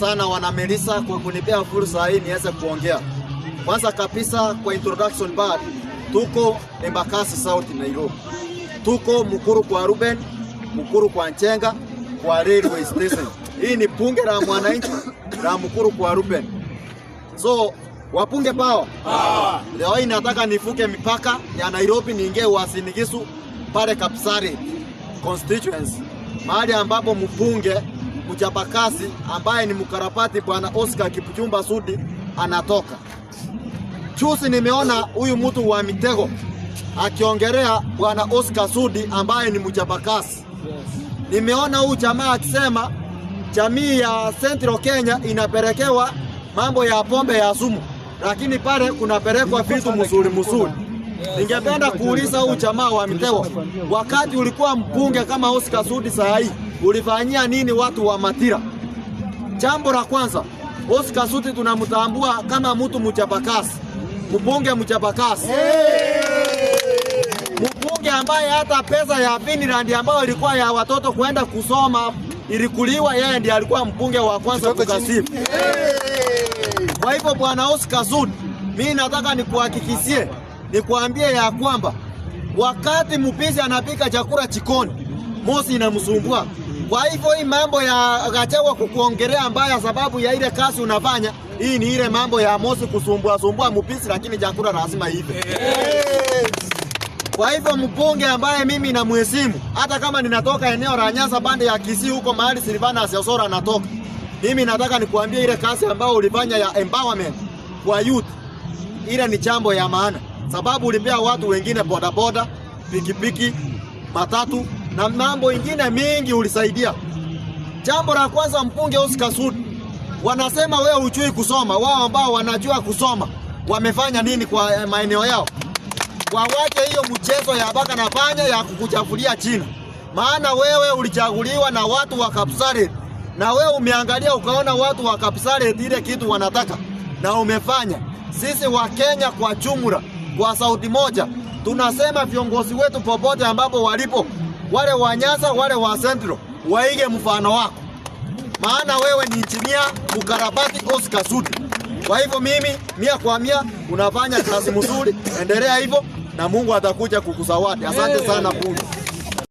sana wana Melisa kwa kunipea fursa hii niweze kuongea. Kwanza kabisa kwa introduction bar, tuko Embakasi South Nairobi, tuko mkuru kwa Ruben, mkuru kwa Nchenga, kwa railway station. Hii ni bunge la mwananchi la mkuru kwa Ruben, so wapunge pawa ah. Leo hii nataka nifuke mipaka ya Nairobi niingie Uasin Gishu pale Kapsari constituency, mahali ambapo mpunge mchapakazi ambaye ni mkarapati bwana Oscar Kipchumba Sudi anatoka. Chusi nimeona huyu mtu wa mitego akiongelea bwana Oscar Sudi ambaye ni mchapakazi. Nimeona huyu jamaa akisema jamii ya Central Kenya inapelekewa mambo ya pombe ya sumu, lakini pale kunapelekwa vitu mzuri mzuri. Ningependa kuuliza huu jamaa wa Mitewa, wakati ulikuwa mbunge kama Oscar Sudi saa hii ulifanyia nini watu wa Matira? Jambo la kwanza, Oscar Sudi tunamtambua kama mtu mchapakazi, mbunge mchapakazi, mbunge ambaye hata pesa ya Finland ambayo ilikuwa ya watoto kwenda kusoma ilikuliwa, yeye ndiye alikuwa mbunge wa kwanza kukasifu. Kwa hivyo bwana Oscar Sudi, mimi nataka nikuhakikishie nikuambie ya kwamba wakati mpizi anapika chakula chikoni, mosi inamsumbua. Kwa hivyo hii mambo ya Gachagua kukuongelea mbaya sababu ya ile kazi unafanya, hii ni ile mambo ya mosi kusumbua sumbua mpizi, lakini chakula lazima ive. Kwa hivyo mbunge ambaye mimi namheshimu, hata kama ninatoka eneo la Nyasa bande ya Kisii huko mahali Silvana Asiosora anatoka, mimi nataka nikuambie ile kazi ambayo ulifanya ya empowerment kwa youth, ile ni jambo ya maana sababu ulipea watu wengine bodaboda, pikipiki, matatu na mambo ingine mingi ulisaidia. Jambo la kwanza, mpunge Oscar Sudi, wanasema wewe uchui kusoma. Wao ambao wanajua kusoma wamefanya nini kwa eh, maeneo yao? Wawache hiyo mchezo ya baka na panya ya kukuchafulia chini, maana wewe ulichaguliwa na watu wa Kapsare, na wewe umeangalia ukaona watu wa Kapsare ile kitu wanataka na umefanya. Sisi wa Kenya kwa jumla kwa sauti moja, tunasema viongozi wetu popote ambapo walipo, wale wa nyasa wale wa Central waige mfano wako, maana wewe ni injinia mkarabati Oscar Sudi. Kwa hivyo mimi mia kwa mia, unafanya kazi mzuri, endelea hivyo na Mungu atakuja kukusawadi. Asante sana Mungu.